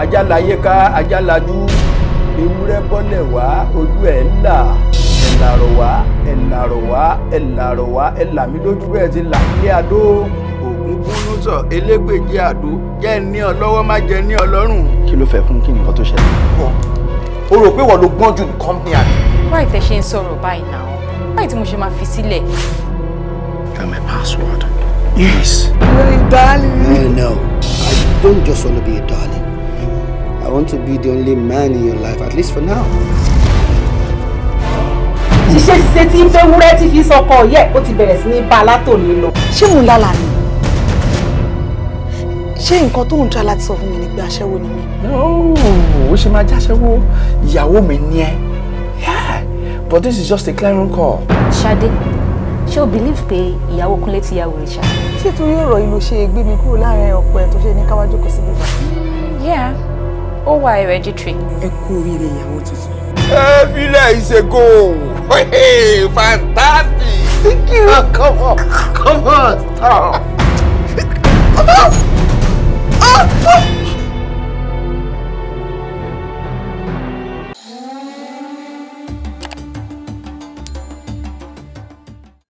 ajala yéká ajalajú ewúrẹ́ bọ́lẹ̀ wá ojú ẹ̀ ńlá ẹ̀làrọ̀ wá ẹ̀làrọ̀ wá ẹ̀làrọ̀ wá ẹ̀làmí lójú ẹ̀ ti là ní adó ògún kúnú sọ elégbèjì àdó jẹ́ ní ọ lọ́wọ́ má jẹ ní ọ lọ́rùn. kí ló fẹ́ fún kí nìkan tó ṣẹlẹ̀. o rò pé wọ́n ló gbọ́n jù ní àná. báyìí tẹ ṣe ń sọ̀rọ̀ báyìí náà báyìí tí mo ṣe máa fi sílẹ̀. you are my password. yes. you're a darling. no no i don't just want to be a darling. I want to be the only man in your life, at least for now. ṣiṣẹ́ ṣiṣẹ́ tí ń fẹ́ wúrẹ́ tí fi sọkọ yẹ ó ti bẹ̀rẹ̀ sí ní bá a látòní lọ. ṣé mò ń lálàá ni ṣé nǹkan tó ń tra láti sọ fún mi ni pé aṣẹ́wó ni mí. ó ṣe máa jáṣẹ́wó ìyàwó mi ni ẹ but this is just a clarion call. Ṣadé ṣé o believe pé ìyàwó Kúnlé ti yà wèrè ṣá. ṣé torí ọ̀rọ̀ yìí ló ṣe gbé mi kúrò láàrin ọ̀pọ̀ ẹ̀ tó ṣe ní káwájú kò sí bíbá ó wà ẹ̀rẹ́dítírì. ẹ kú oríire ìyàwó tuntun. ẹ filẹ̀ ìṣègò fantastic. thank you come on come on stop.